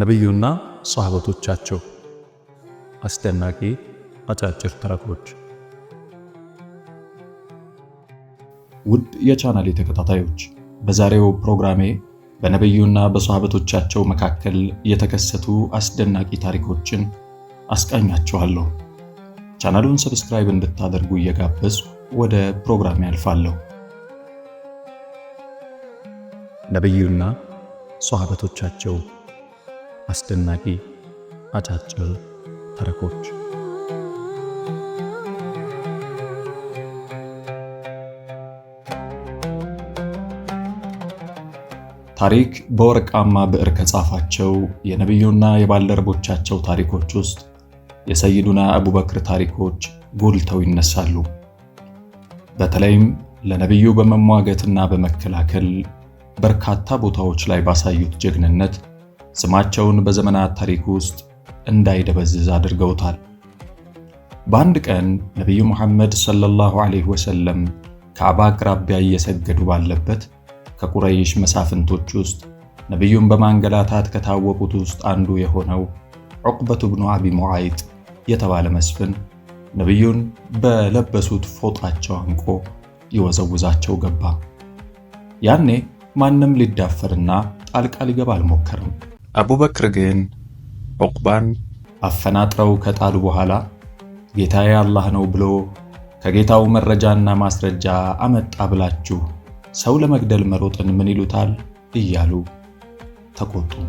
ነቢዩና ሰሃበቶቻቸው አስደናቂ አጫጭር ተረኮች። ውድ የቻናሌ ተከታታዮች በዛሬው ፕሮግራሜ በነቢዩና በሰሃበቶቻቸው መካከል የተከሰቱ አስደናቂ ታሪኮችን አስቃኛችኋለሁ። ቻናሉን ሰብስክራይብ እንድታደርጉ እየጋበዝኩ ወደ ፕሮግራም ያልፋለሁ። ነብዩና ሷሃበቶቻቸው አስደናቂ አጫጭር ተረኮች ታሪክ በወርቃማ ብዕር ከጻፋቸው የነብዩና የባልደረቦቻቸው ታሪኮች ውስጥ የሰይዱና አቡበክር ታሪኮች ጎልተው ይነሳሉ። በተለይም ለነቢዩ በመሟገትና በመከላከል በርካታ ቦታዎች ላይ ባሳዩት ጀግንነት ስማቸውን በዘመናት ታሪክ ውስጥ እንዳይደበዝዝ አድርገውታል። በአንድ ቀን ነቢዩ ሙሐመድ ሰለላሁ ዐለይሂ ወሰለም ከአባ አቅራቢያ እየሰገዱ ባለበት ከቁረይሽ መሳፍንቶች ውስጥ ነቢዩን በማንገላታት ከታወቁት ውስጥ አንዱ የሆነው ዑቅበቱ ብኑ አቢ ሙዓይጥ የተባለ መስፍን ነቢዩን በለበሱት ፎጣቸው አንቆ ይወዘውዛቸው ገባ። ያኔ ማንም ሊዳፈርና ጣልቃ ሊገባ አልሞከርም። አቡበክር ግን ዑቅባን አፈናጥረው ከጣሉ በኋላ ጌታዬ አላህ ነው ብሎ ከጌታው መረጃና ማስረጃ አመጣ ብላችሁ ሰው ለመግደል መሮጥን ምን ይሉታል እያሉ ተቆጡም።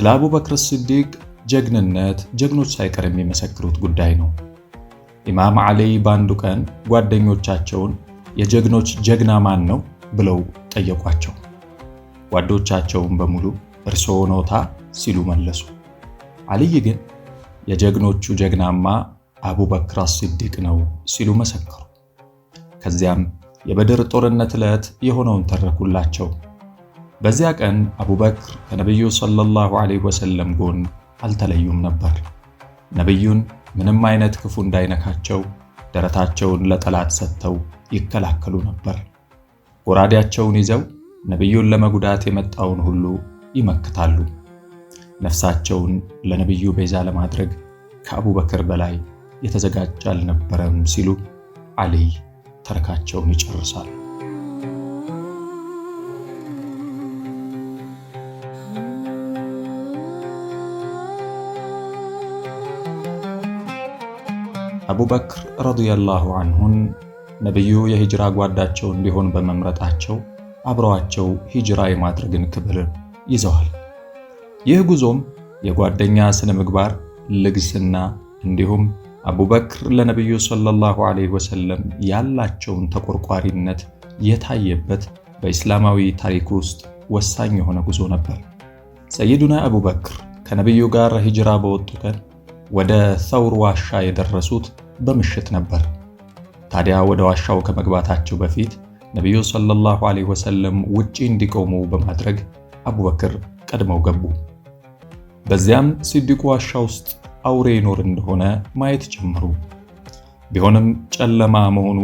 ስለ አቡበክር ሲዲቅ ጀግንነት ጀግኖች ሳይቀር የሚመሰክሩት ጉዳይ ነው። ኢማም ዓሊ በአንዱ ቀን ጓደኞቻቸውን የጀግኖች ጀግና ማን ነው ብለው ጠየቋቸው። ጓዶቻቸውን በሙሉ እርስዎ ኖታ ሲሉ መለሱ። አልይ ግን የጀግኖቹ ጀግናማ አቡበክር አሲዲቅ ነው ሲሉ መሰከሩ። ከዚያም የበድር ጦርነት ዕለት የሆነውን ተረኩላቸው። በዚያ ቀን አቡበክር ከነቢዩ ሰለላሁ ዐለይሂ ወሰለም ጎን አልተለዩም ነበር። ነቢዩን ምንም አይነት ክፉ እንዳይነካቸው ደረታቸውን ለጠላት ሰጥተው ይከላከሉ ነበር። ጎራዴያቸውን ይዘው ነቢዩን ለመጉዳት የመጣውን ሁሉ ይመክታሉ። ነፍሳቸውን ለነቢዩ ቤዛ ለማድረግ ከአቡበክር በላይ የተዘጋጀ አልነበረም ሲሉ አሊይ ተረካቸውን ይጨርሳል። አቡበክር ረዲየላሁ አንሁን ነቢዩ የሂጅራ ጓዳቸው እንዲሆን በመምረጣቸው አብረዋቸው ሂጅራ የማድረግን ክብር ይዘዋል። ይህ ጉዞም የጓደኛ ስነ ምግባር፣ ልግስና እንዲሁም አቡበክር ለነቢዩ ሰለላሁ ዐለይሂ ወሰለም ያላቸውን ተቆርቋሪነት የታየበት በኢስላማዊ ታሪክ ውስጥ ወሳኝ የሆነ ጉዞ ነበር። ሰይዱና አቡበክር ከነቢዩ ጋር ሂጅራ በወጡ ቀን ወደ ሰውር ዋሻ የደረሱት በምሽት ነበር። ታዲያ ወደ ዋሻው ከመግባታቸው በፊት ነቢዩ ሰለላሁ ዐለይሂ ወሰለም ውጪ እንዲቆሙ በማድረግ አቡበክር ቀድመው ገቡ። በዚያም ሲዲቁ ዋሻ ውስጥ አውሬ ይኖር እንደሆነ ማየት ጀመሩ። ቢሆንም ጨለማ መሆኑ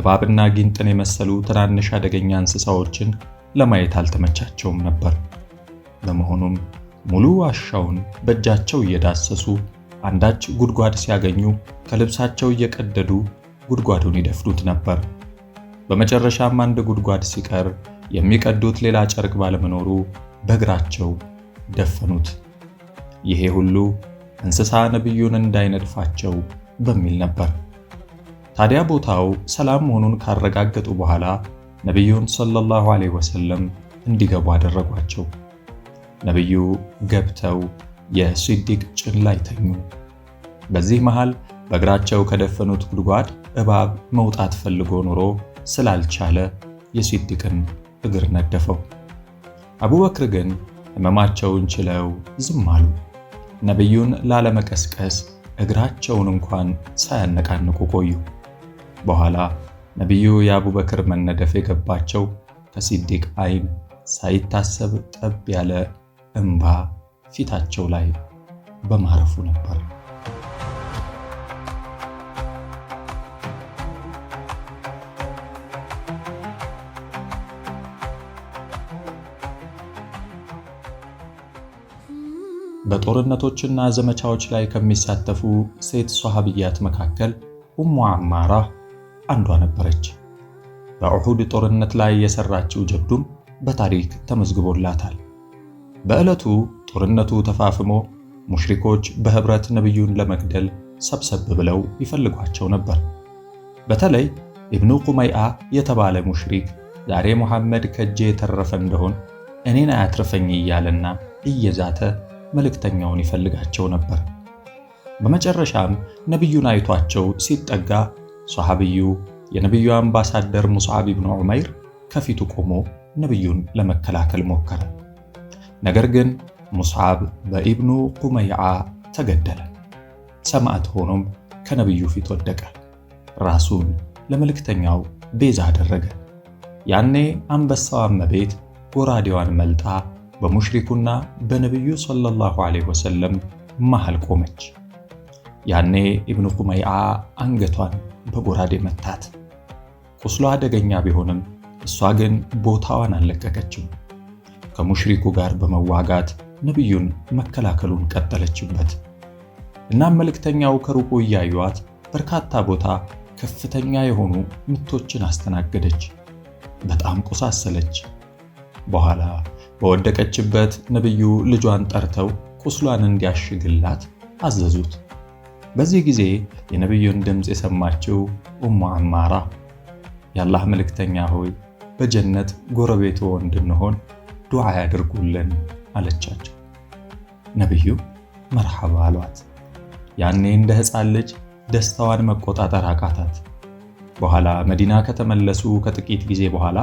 እባብና ጊንጥን የመሰሉ ትናንሽ አደገኛ እንስሳዎችን ለማየት አልተመቻቸውም ነበር። በመሆኑም ሙሉ ዋሻውን በእጃቸው እየዳሰሱ አንዳች ጉድጓድ ሲያገኙ ከልብሳቸው እየቀደዱ ጉድጓዱን ይደፍኑት ነበር። በመጨረሻም አንድ ጉድጓድ ሲቀር የሚቀዱት ሌላ ጨርቅ ባለመኖሩ በእግራቸው ደፈኑት። ይሄ ሁሉ እንስሳ ነቢዩን እንዳይነድፋቸው በሚል ነበር። ታዲያ ቦታው ሰላም መሆኑን ካረጋገጡ በኋላ ነቢዩን ሰለላሁ ዐለይሂ ወሰለም እንዲገቡ አደረጓቸው። ነቢዩ ገብተው የሲዲቅ ጭን ላይ ተኙ። በዚህ መሃል በእግራቸው ከደፈኑት ጉድጓድ እባብ መውጣት ፈልጎ ኖሮ ስላልቻለ የሲዲቅን እግር ነደፈው። አቡበክር ግን ህመማቸውን ችለው ዝም አሉ። ነቢዩን ላለመቀስቀስ እግራቸውን እንኳን ሳያነቃንቁ ቆዩ። በኋላ ነቢዩ የአቡበክር መነደፍ የገባቸው ከሲዲቅ አይን ሳይታሰብ ጠብ ያለ እንባ ፊታቸው ላይ በማረፉ ነበር። በጦርነቶችና ዘመቻዎች ላይ ከሚሳተፉ ሴት ሷሃብያት መካከል ኡሙ አማራ አንዷ ነበረች። በኡሑድ ጦርነት ላይ የሰራችው ጀብዱም በታሪክ ተመዝግቦላታል። በዕለቱ ጦርነቱ ተፋፍሞ ሙሽሪኮች በህብረት ነቢዩን ለመግደል ሰብሰብ ብለው ይፈልጓቸው ነበር። በተለይ ኢብኑ ቁመይአ የተባለ ሙሽሪክ ዛሬ ሙሐመድ ከእጄ የተረፈ እንደሆን እኔን አያትርፈኝ እያለና እየዛተ መልእክተኛውን ይፈልጋቸው ነበር። በመጨረሻም ነቢዩን አይቷቸው ሲጠጋ ሶሐብዩ የነቢዩ አምባሳደር ሙስዓብ ኢብኑ ዑመይር ከፊቱ ቆሞ ነቢዩን ለመከላከል ሞከረ። ነገር ግን ሙስዓብ በኢብኑ ቁመይዓ ተገደለ። ሰማዕት ሆኖም ከነቢዩ ፊት ወደቀ። ራሱን ለመልእክተኛው ቤዛ አደረገ። ያኔ አንበሳዋ እመቤት ጎራዴዋን መልጣ በሙሽሪኩና በነቢዩ ሰለላሁ ዐለይሂ ወሰለም መሃል ቆመች። ያኔ ኢብኑ ቁመይዓ አንገቷን በጎራዴ መታት። ቁስሏ አደገኛ ቢሆንም እሷ ግን ቦታዋን አልለቀቀችም። ከሙሽሪኩ ጋር በመዋጋት ነቢዩን መከላከሉን ቀጠለችበት። እናም መልእክተኛው ከሩቁ እያዩዋት በርካታ ቦታ ከፍተኛ የሆኑ ምቶችን አስተናገደች። በጣም ቆሳሰለች። በኋላ በወደቀችበት ነቢዩ ልጇን ጠርተው ቁስሏን እንዲያሽግላት አዘዙት። በዚህ ጊዜ የነቢዩን ድምፅ የሰማችው ኡሙ አማራ የአላህ መልእክተኛ ሆይ በጀነት ጎረቤቱ እንድንሆን ዱዓ ያድርጉልን አለቻቸው። ነቢዩ መርሐባ አሏት። ያኔ እንደ ሕፃን ልጅ ደስታዋን መቆጣጠር አቃታት። በኋላ መዲና ከተመለሱ ከጥቂት ጊዜ በኋላ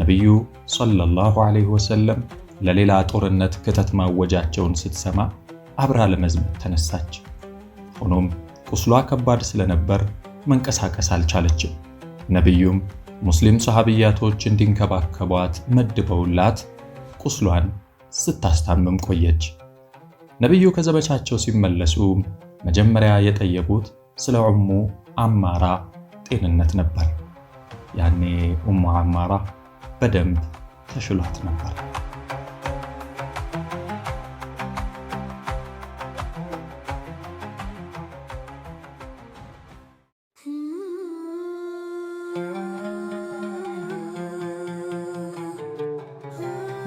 ነቢዩ ሰለላሁ ዐለይሂ ወሰለም ለሌላ ጦርነት ክተት ማወጃቸውን ስትሰማ አብራ ለመዝመት ተነሳች። ሆኖም ቁስሏ ከባድ ስለነበር መንቀሳቀስ አልቻለችም። ነቢዩም ሙስሊም ሰሃብያቶች እንዲንከባከቧት መድበውላት ቁስሏን ስታስታምም ቆየች። ነቢዩ ከዘመቻቸው ሲመለሱ መጀመሪያ የጠየቁት ስለ ኡሙ አማራ ጤንነት ነበር። ያኔ ኡሙ አማራ በደንብ ተሽሏት ነበር።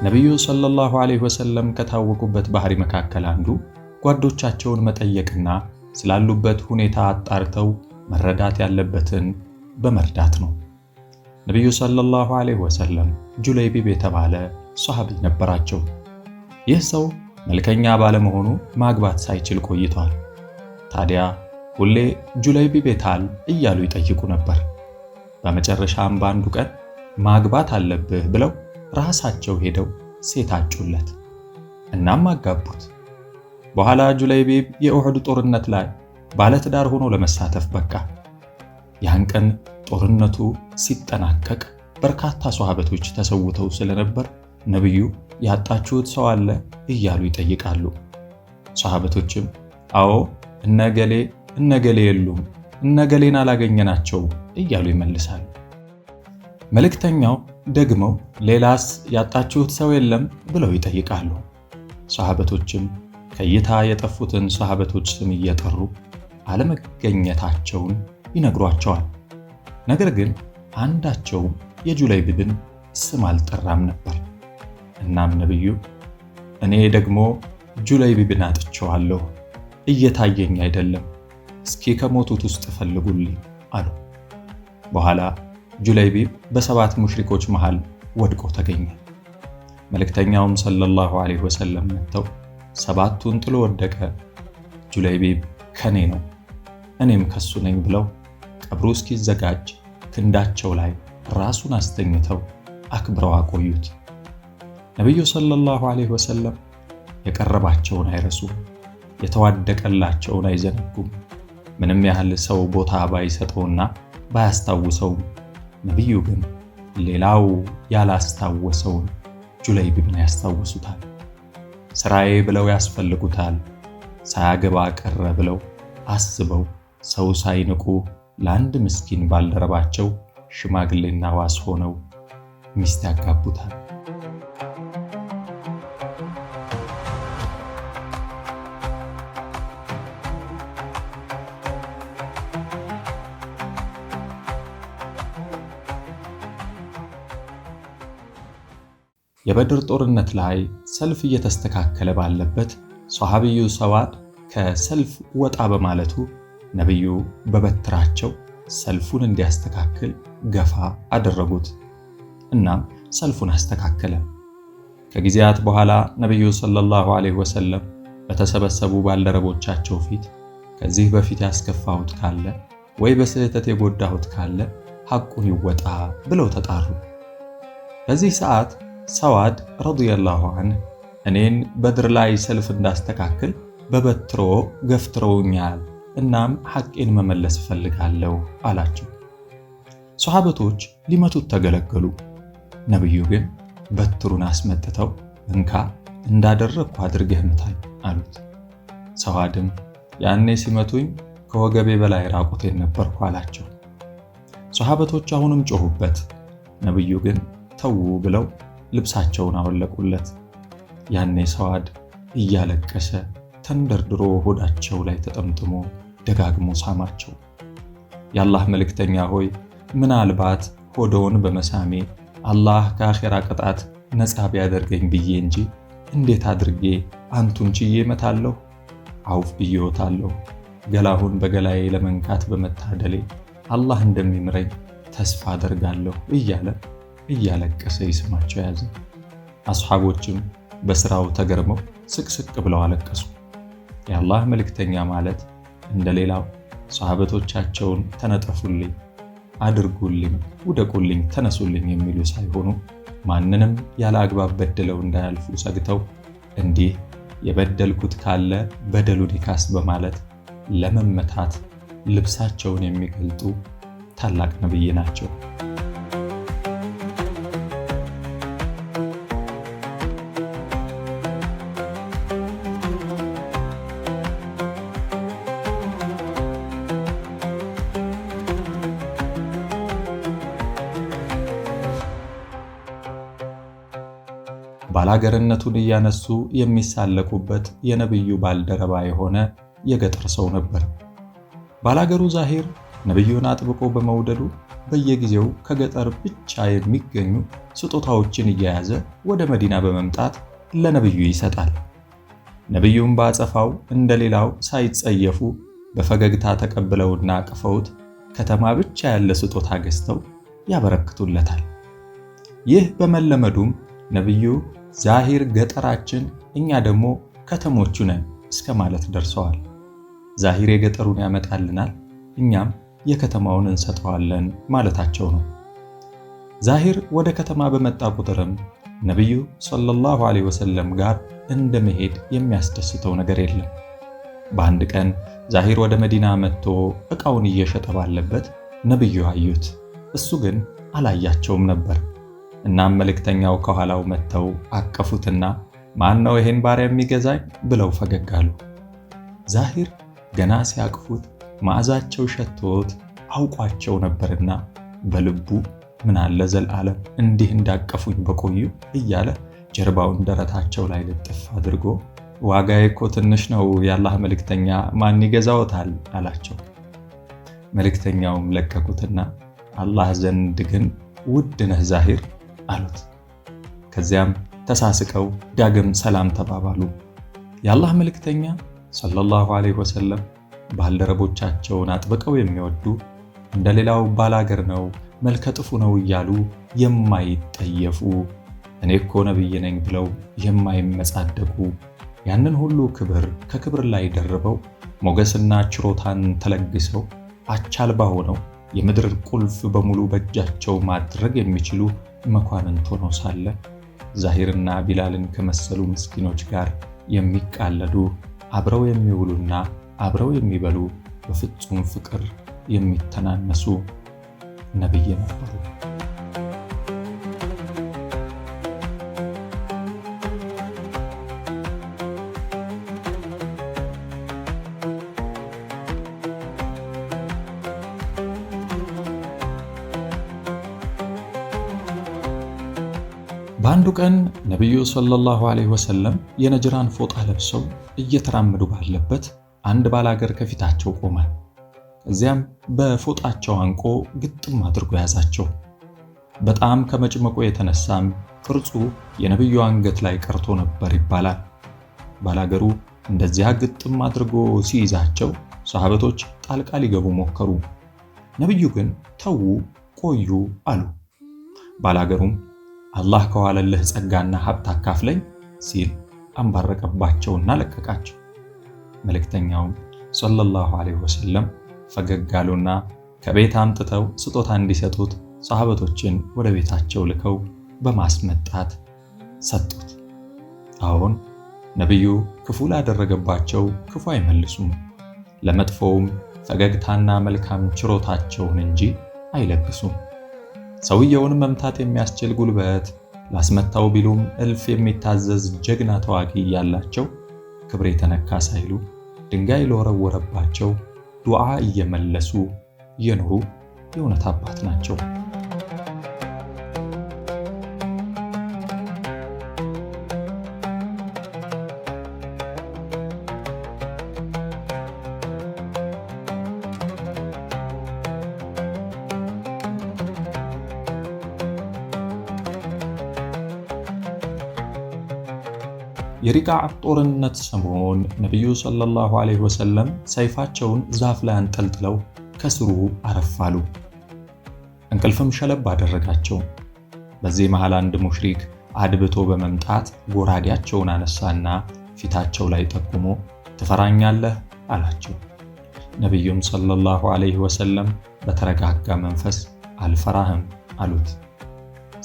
ነቢዩ ሰለላሁ ዐለይሂ ወሰለም ከታወቁበት ባህሪ መካከል አንዱ ጓዶቻቸውን መጠየቅና ስላሉበት ሁኔታ አጣርተው መረዳት ያለበትን በመርዳት ነው። ነቢዩ ሰለላሁ ዐለይሂ ወሰለም ጁለይቢብ የተባለ ሰሃቢ ነበራቸው። ይህ ሰው መልከኛ ባለመሆኑ ማግባት ሳይችል ቆይቷል። ታዲያ ሁሌ ጁለይቢብ ቤታል እያሉ ይጠይቁ ነበር። በመጨረሻም በአንዱ ቀን ማግባት አለብህ ብለው ራሳቸው ሄደው ሴት አጩለት፣ እናም አጋቡት። በኋላ ጁለይቢብ የኡሑድ ጦርነት ላይ ባለትዳር ሆኖ ለመሳተፍ በቃ። ያን ቀን ጦርነቱ ሲጠናቀቅ በርካታ ሷሃበቶች ተሰውተው ስለነበር ነብዩ ያጣችሁት ሰው አለ እያሉ ይጠይቃሉ። ሷሃበቶችም አዎ እነገሌ እነገሌ የሉም እነገሌን አላገኘናቸውም እያሉ ይመልሳሉ። መልእክተኛው ደግመው ሌላስ ያጣችሁት ሰው የለም ብለው ይጠይቃሉ። ሰሃበቶችም ከእይታ የጠፉትን ሰሃበቶች ስም እየጠሩ አለመገኘታቸውን ይነግሯቸዋል። ነገር ግን አንዳቸውም የጁለይቢብን ስም አልጠራም ነበር። እናም ነቢዩ እኔ ደግሞ ጁለይቢብን አጥቸዋለሁ እየታየኝ አይደለም፣ እስኪ ከሞቱት ውስጥ ፈልጉልኝ አሉ። በኋላ ጁለይቢብ በሰባት ሙሽሪኮች መሃል ወድቆ ተገኘ። መልእክተኛውም ሰለላሁ ዐለይሂ ወሰለም መጥተው ሰባቱን ጥሎ ወደቀ፣ ጁለይቢብ ከኔ ነው እኔም ከሱ ነኝ ብለው ቀብሩ እስኪዘጋጅ ክንዳቸው ላይ ራሱን አስተኝተው አክብረው አቆዩት። ነቢዩ ሰለላሁ ዐለይሂ ወሰለም የቀረባቸውን አይረሱም፣ የተዋደቀላቸውን አይዘነጉም። ምንም ያህል ሰው ቦታ ባይሰጠውና ባያስታውሰውም ነቢዩ ግን ሌላው ያላስታወሰውን ጁለይቢብን ያስታውሱታል። ስራዬ ብለው ያስፈልጉታል። ሳያገባ ቀረ ብለው አስበው ሰው ሳይንቁ ለአንድ ምስኪን ባልደረባቸው ሽማግሌና ዋስ ሆነው ሚስት ያጋቡታል። የበድር ጦርነት ላይ ሰልፍ እየተስተካከለ ባለበት ሶሐቢዩ ሰዋድ ከሰልፍ ወጣ በማለቱ ነቢዩ በበትራቸው ሰልፉን እንዲያስተካክል ገፋ አደረጉት። እናም ሰልፉን አስተካከለ። ከጊዜያት በኋላ ነቢዩ ሰለላሁ ዐለይሂ ወሰለም በተሰበሰቡ ባልደረቦቻቸው ፊት ከዚህ በፊት ያስከፋሁት ካለ ወይ በስህተት የጎዳሁት ካለ ሐቁን ይወጣ ብለው ተጣሩ። በዚህ ሰዓት ሰዋድ ረዲየላሁ አንህ እኔን በድር ላይ ሰልፍ እንዳስተካክል በበትሮ ገፍትረውኛል፣ እናም ሐቄን መመለስ እፈልጋለሁ አላቸው። ሰሓበቶች ሊመቱት ተገለገሉ። ነቢዩ ግን በትሩን አስመጥተው እንካ እንዳደረግኩ አድርገህ ምታኝ አሉት። ሰዋድም ያኔ ሲመቱኝ ከወገቤ በላይ ራቁቴን ነበርኩ አላቸው። ሰሓበቶች አሁንም ጮሁበት፣ ነቢዩ ግን ተዉ ብለው ልብሳቸውን አወለቁለት። ያኔ ሰዋድ እያለቀሰ ተንደርድሮ ሆዳቸው ላይ ተጠምጥሞ ደጋግሞ ሳማቸው። የአላህ መልእክተኛ ሆይ ምናልባት ሆዶውን በመሳሜ አላህ ከአኼራ ቅጣት ነፃ ቢያደርገኝ ብዬ እንጂ እንዴት አድርጌ አንቱን ችዬ መታለሁ? አውፍ ብዬወታለሁ። ገላሁን በገላዬ ለመንካት በመታደሌ አላህ እንደሚምረኝ ተስፋ አደርጋለሁ እያለ እያለቀሰ ይስማቸው ያዘ። አስሓቦችም በሥራው ተገርመው ስቅስቅ ብለው አለቀሱ። የአላህ መልእክተኛ ማለት እንደሌላው ሌላው ሰሃበቶቻቸውን ተነጠፉልኝ፣ አድርጉልኝ፣ ውደቁልኝ፣ ተነሱልኝ የሚሉ ሳይሆኑ ማንንም ያለ አግባብ በድለው እንዳያልፉ ሰግተው እንዲህ የበደልኩት ካለ በደሉን ይካስ በማለት ለመመታት ልብሳቸውን የሚገልጡ ታላቅ ነብይ ናቸው። ባላገርነቱን እያነሱ የሚሳለቁበት የነቢዩ ባልደረባ የሆነ የገጠር ሰው ነበር። ባላገሩ ዛሄር ነቢዩን አጥብቆ በመውደዱ በየጊዜው ከገጠር ብቻ የሚገኙ ስጦታዎችን እየያዘ ወደ መዲና በመምጣት ለነቢዩ ይሰጣል። ነቢዩም ባጸፋው እንደ ሌላው ሳይጸየፉ በፈገግታ ተቀብለውና አቅፈውት ከተማ ብቻ ያለ ስጦታ ገዝተው ያበረክቱለታል። ይህ በመለመዱም ነቢዩ ዛሂር ገጠራችን፣ እኛ ደግሞ ከተሞቹ ነን እስከ ማለት ደርሰዋል። ዛሂር የገጠሩን ያመጣልናል፣ እኛም የከተማውን እንሰጠዋለን ማለታቸው ነው። ዛሂር ወደ ከተማ በመጣ ቁጥርም ነቢዩ ሰለላሁ ዐለይሂ ወሰለም ጋር እንደ መሄድ የሚያስደስተው ነገር የለም። በአንድ ቀን ዛሂር ወደ መዲና መጥቶ ዕቃውን እየሸጠ ባለበት ነቢዩ አዩት፣ እሱ ግን አላያቸውም ነበር። እናም መልእክተኛው ከኋላው መጥተው አቀፉትና ማን ነው ይሄን ባሪያ የሚገዛኝ ብለው ፈገግ አሉ። ዛሂር ገና ሲያቅፉት መዓዛቸው ሸቶት አውቋቸው ነበርና በልቡ ምናለ አለ ዘላለም እንዲህ እንዳቀፉኝ በቆዩ እያለ ጀርባውን ደረታቸው ላይ ልጥፍ አድርጎ ዋጋዬ እኮ ትንሽ ነው፣ የአላህ መልእክተኛ ማን ይገዛዎታል? አላቸው። መልእክተኛውም ለቀቁትና አላህ ዘንድ ግን ውድ ነህ ዛሂር አሉት። ከዚያም ተሳስቀው ዳግም ሰላም ተባባሉ። የአላህ መልእክተኛ ሰለላሁ ዐለይሂ ወሰለም ባልደረቦቻቸውን አጥብቀው የሚወዱ እንደ ሌላው ባላገር ነው፣ መልከ ጥፉ ነው እያሉ የማይጠየፉ እኔ እኮ ነብይ ነኝ ብለው የማይመጻደቁ ያንን ሁሉ ክብር ከክብር ላይ ደርበው ሞገስና ችሮታን ተለግሰው አቻልባ ሆነው የምድር ቁልፍ በሙሉ በእጃቸው ማድረግ የሚችሉ መኳንንት ሆኖ ሳለ ዛሂርና ቢላልን ከመሰሉ ምስኪኖች ጋር የሚቃለዱ አብረው የሚውሉና አብረው የሚበሉ በፍጹም ፍቅር የሚተናነሱ ነብይ ነበሩ። በአንዱ ቀን ነቢዩ ሰለላሁ ዐለይሂ ወሰለም የነጅራን ፎጣ ለብሰው እየተራመዱ ባለበት አንድ ባላገር ከፊታቸው ቆመ። ከዚያም በፎጣቸው አንቆ ግጥም አድርጎ ያዛቸው። በጣም ከመጭመቆ የተነሳም ቅርጹ የነቢዩ አንገት ላይ ቀርቶ ነበር ይባላል። ባላገሩ እንደዚያ ግጥም አድርጎ ሲይዛቸው ሰሃበቶች ጣልቃ ሊገቡ ሞከሩ። ነቢዩ ግን ተዉ፣ ቆዩ አሉ። ባላገሩም አላህ ከዋለልህ ጸጋና ሀብት አካፍለኝ ሲል አንባረቀባቸውና ለቀቃቸው። መልእክተኛውም ሰለላሁ ዐለይሂ ወሰለም ፈገግ አሉና ከቤት አምጥተው ስጦታ እንዲሰጡት ሰሃበቶችን ወደ ቤታቸው ልከው በማስመጣት ሰጡት። አሁን ነቢዩ ክፉ ላደረገባቸው ክፉ አይመልሱም፣ ለመጥፎውም ፈገግታና መልካም ችሮታቸውን እንጂ አይለግሱም። ሰውየውን መምታት የሚያስችል ጉልበት ላስመታው ቢሉም እልፍ የሚታዘዝ ጀግና ተዋጊ ያላቸው ክብር የተነካ ሳይሉ ድንጋይ ለወረወረባቸው ዱዓ እየመለሱ የኖሩ የእውነት አባት ናቸው። የሪቃ ጦርነት ሰሞን ነቢዩ ሰለላሁ ዐለይሂ ወሰለም ሰይፋቸውን ዛፍ ላይ አንጠልጥለው ከስሩ አረፋሉ። እንቅልፍም ሸለብ አደረጋቸው። በዚህ መሃል አንድ ሙሽሪክ አድብቶ በመምጣት ጎራዴያቸውን አነሳና ፊታቸው ላይ ጠቁሞ ትፈራኛለህ አላቸው። ነቢዩም ሰለላሁ ዐለይሂ ወሰለም በተረጋጋ መንፈስ አልፈራህም አሉት።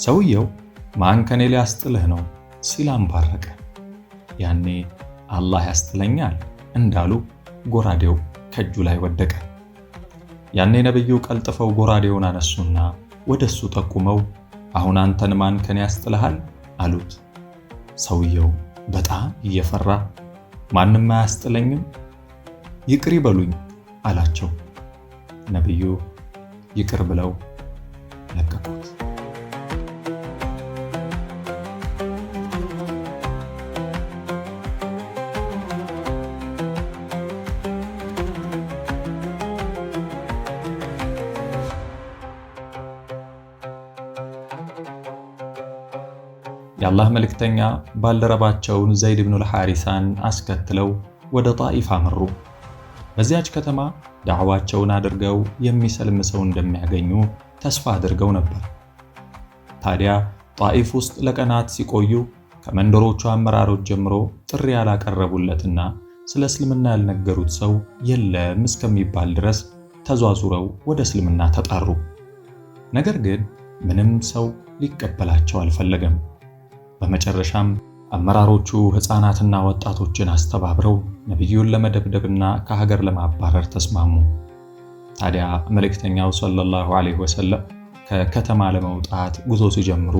ሰውየው ማን ከኔ ሊያስጥልህ ነው ሲል አንባረቀ። ያኔ አላህ ያስጥለኛል እንዳሉ ጎራዴው ከእጁ ላይ ወደቀ። ያኔ ነብዩ ቀልጥፈው ጎራዴውን አነሱና ወደሱ ጠቁመው አሁን አንተን ማን ከኔ ያስጥልሃል አሉት። ሰውየው በጣም እየፈራ ማንም አያስጥለኝም ይቅር ይበሉኝ አላቸው። ነብዩ ይቅር ብለው ለቀቁት። የአላህ መልእክተኛ ባልደረባቸውን ዘይድ ብኑል ሐሪሳን አስከትለው ወደ ጣኢፍ አመሩ። በዚያች ከተማ ዳዕዋቸውን አድርገው የሚሰልም ሰው እንደሚያገኙ ተስፋ አድርገው ነበር። ታዲያ ጣኢፍ ውስጥ ለቀናት ሲቆዩ ከመንደሮቹ አመራሮች ጀምሮ ጥሪ ያላቀረቡለትና ስለ እስልምና ያልነገሩት ሰው የለም እስከሚባል ድረስ ተዟዙረው ወደ እስልምና ተጣሩ። ነገር ግን ምንም ሰው ሊቀበላቸው አልፈለገም። በመጨረሻም አመራሮቹ ሕፃናትና ወጣቶችን አስተባብረው ነቢዩን ለመደብደብና ከሀገር ለማባረር ተስማሙ። ታዲያ መልእክተኛው ሰለላሁ ዐለይሂ ወሰለም ከከተማ ለመውጣት ጉዞ ሲጀምሩ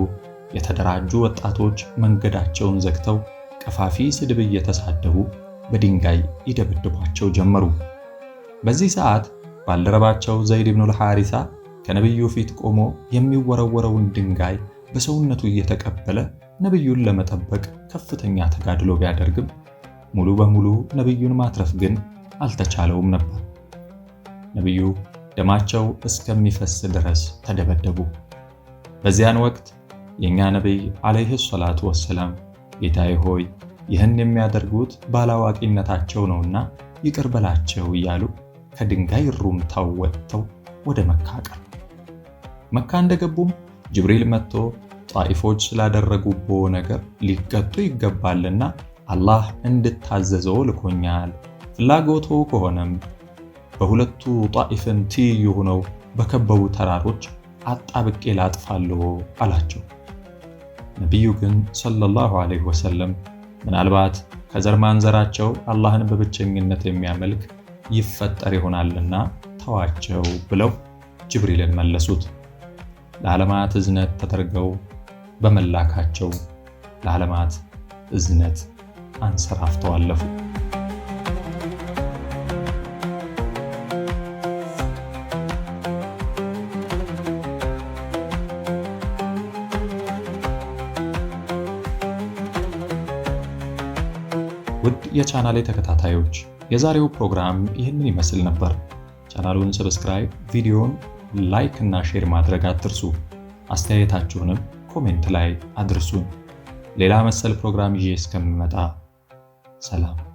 የተደራጁ ወጣቶች መንገዳቸውን ዘግተው ቀፋፊ ስድብ እየተሳደቡ በድንጋይ ይደበድቧቸው ጀመሩ። በዚህ ሰዓት ባልደረባቸው ዘይድ ብኑል ሐሪሳ ከነቢዩ ፊት ቆሞ የሚወረወረውን ድንጋይ በሰውነቱ እየተቀበለ ነቢዩን ለመጠበቅ ከፍተኛ ተጋድሎ ቢያደርግም ሙሉ በሙሉ ነቢዩን ማትረፍ ግን አልተቻለውም ነበር። ነቢዩ ደማቸው እስከሚፈስ ድረስ ተደበደቡ። በዚያን ወቅት የእኛ ነቢይ ዓለይህ ሰላቱ ወሰላም ጌታዬ ሆይ ይህን የሚያደርጉት ባላዋቂነታቸው ነውና ይቅር በላቸው እያሉ ከድንጋይ ሩምታው ወጥተው ወደ መካ ቀር መካ እንደገቡም ጅብሪል መጥቶ ጣኢፎች ስላደረጉቦ ነገር ሊቀጡ ይገባልና አላህ እንድታዘዘው ልኮኛል። ፍላጎቶ ከሆነም በሁለቱ ጣኢፍን ትይዩ ሆነው በከበቡ ተራሮች አጣብቄ ላጥፋለሁ አላቸው። ነቢዩ ግን ሰለላሁ ዐለይሂ ወሰለም ምናልባት ከዘር ማንዘራቸው አላህን በብቸኝነት የሚያመልክ ይፈጠር ይሆናልና ተዋቸው ብለው ጅብሪልን መለሱት። ለዓለማት እዝነት ተደርገው በመላካቸው ለዓለማት እዝነት አንሰራፍተው አለፉ። ውድ የቻናሌ ተከታታዮች የዛሬው ፕሮግራም ይህንን ይመስል ነበር። ቻናሉን ሰብስክራይብ፣ ቪዲዮን ላይክ እና ሼር ማድረግ አትርሱ። አስተያየታችሁንም ኮሜንት ላይ አድርሱን። ሌላ መሰል ፕሮግራም ይዤ እስከምመጣ ሰላም።